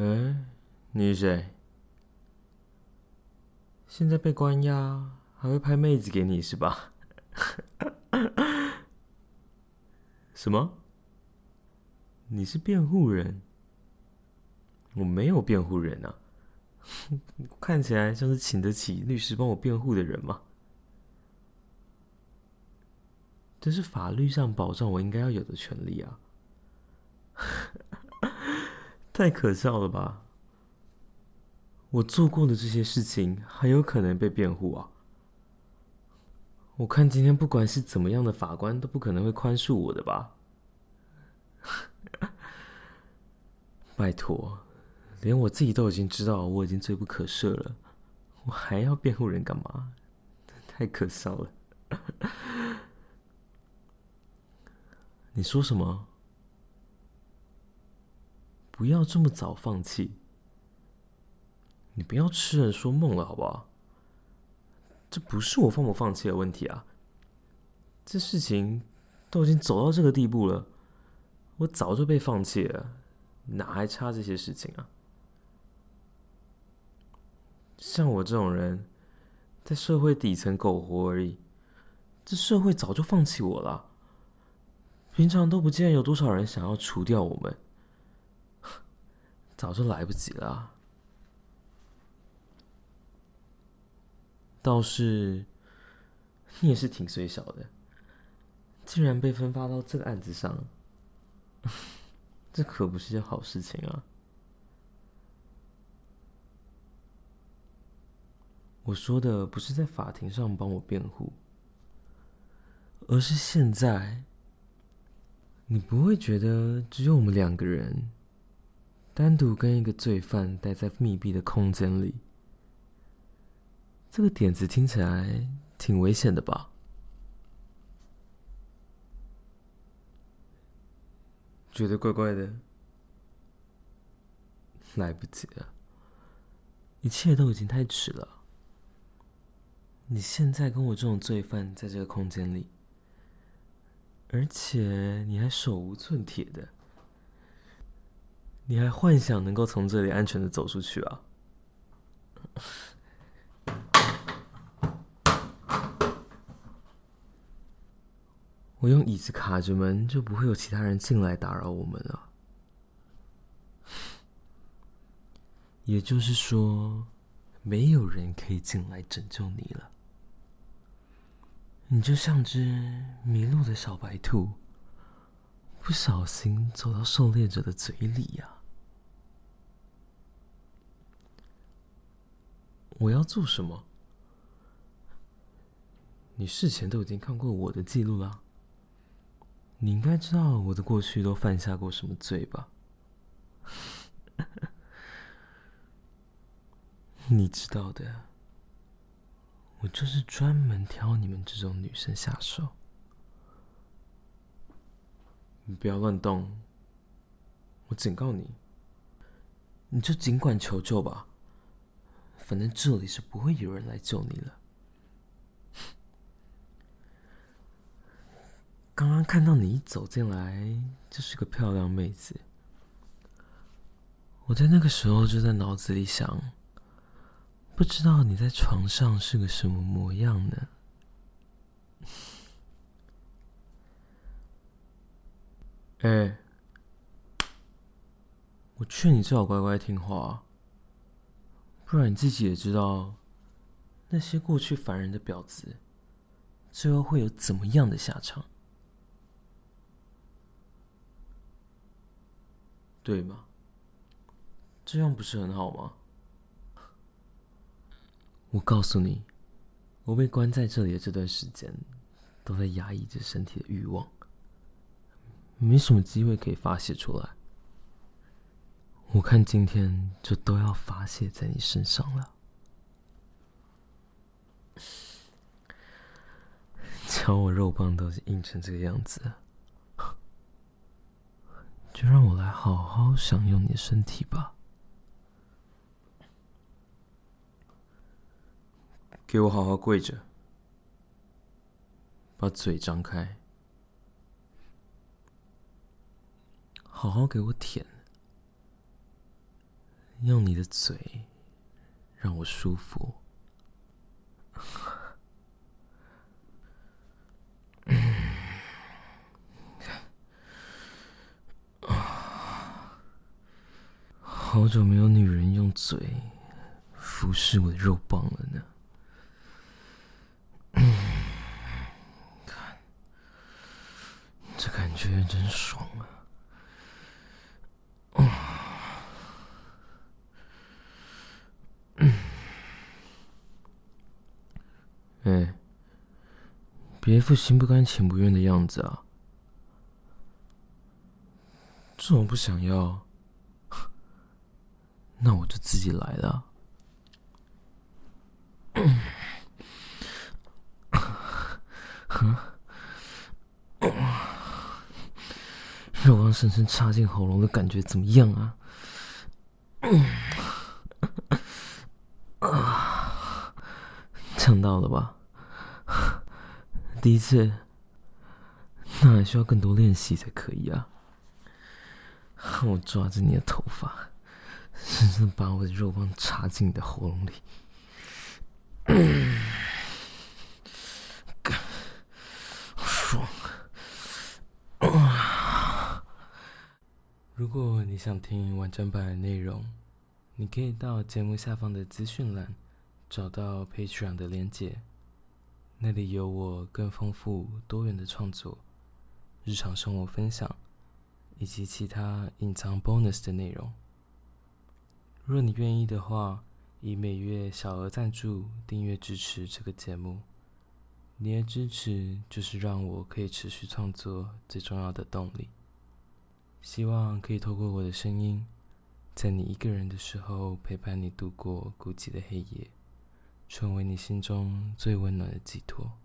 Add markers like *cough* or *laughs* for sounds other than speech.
哎、欸，你是誰？現在被關押，還會拍妹子給你是吧？ *laughs* 什麼？你是辯護人？我沒有辯護人啊！ *laughs* 看起來像是請得起律師幫我辯護的人嗎？這是法律上保障我應該要有的權利啊！太可笑了吧！我做過的這些事情還有可能被辯護啊？我看今天不管是怎麼樣的法官都不可能會寬恕我的吧？ *laughs* 拜托，連我自己都已經知道我已經罪不可赦了，我還要辯護人幹嘛？太可笑了！ *laughs* 你說什麼？不要這麼早放棄！你不要痴人說夢了，好不好？這不是我放不放棄的問題啊！這事情都已經走到這個地步了，我早就被放棄了，哪還差這些事情啊？像我這種人，在社會底層苟活而已，這社會早就放棄我了，啊。平常都不見有多少人想要除掉我們。早就來不及了、啊。倒是你也是挺衰小的，竟然被分發到這個案子上， *laughs* 這可不是一件好事情啊！我說的不是在法庭上幫我辯護，而是現在，你不會覺得只有我們兩個人。單獨跟一個罪犯待在密閉的空間裡，這個點子聽起來挺危險的吧？覺得怪怪的，來不及了，一切都已經太遲了。你現在跟我這種罪犯在這個空間裡，而且你還手無寸鐵的。你還幻想能夠從這裡安全地走出去啊？我用椅子卡着門，就不會有其他人進來打擾我們了。也就是說，沒有人可以進來拯救你了。你就像隻迷路的小白兔，不小心走到狩獵者的嘴裡呀、啊。我要做什麼？你事前都已經看過我的記錄了，你應該知道我的過去都犯下過什麼罪吧？ *laughs* 你知道的，我就是專門挑你們這種女生下手。你不要亂動，我警告你，你就儘管求救吧。反正這裡是不會有人來救你了。剛剛看到你一走進來，就是個漂亮妹子。我在那個時候就在腦子裡想，不知道你在床上是個什麼模樣呢？哎，我勸你最好乖乖聽話。不然你自己也知道，那些過去煩人的婊子，最後會有怎麼樣的下場，對嗎？這樣不是很好嗎？我告訴你，我被關在這裡的這段時間，都在壓抑着身體的慾望，沒什麼機會可以發洩出來。我看今天就都要發洩在你身上了，瞧我肉棒都硬成這個樣子，就讓我來好好享用你的身體吧。給我好好跪着，把嘴張開，好好給我舔。用你的嘴讓我舒服。啊，好久沒有女人用嘴服侍我的肉棒了呢。嗯，你看這感覺真爽啊！別一副心不甘情不願的樣子啊！這麼不想要，那我就自己來了啊。哼。 *coughs* *coughs* 肉棒深深插進喉嚨的感覺怎麼樣啊？嗆 *coughs* 到了吧？第一次，那還需要更多練習才可以啊！讓我抓着你的頭髮，深深把我的肉棒插進你的喉嚨裡，爽！如果你想聽完整版的內容，你可以到節目下方的資訊欄找到 Patreon 的鏈接。那裡有我更豐富多元的創作、日常生活分享以及其他隱藏 bonus 的內容。若你願意的話，以每月小額贊助訂閱支持這個節目，你的支持就是讓我可以持續創作最重要的動力。希望可以透過我的聲音，在你一個人的時候陪伴你度過孤寂的黑夜。成為你心中最溫暖的寄托。